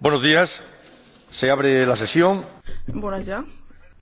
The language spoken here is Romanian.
Buenos días. Se abre la sesión. Bună ziua.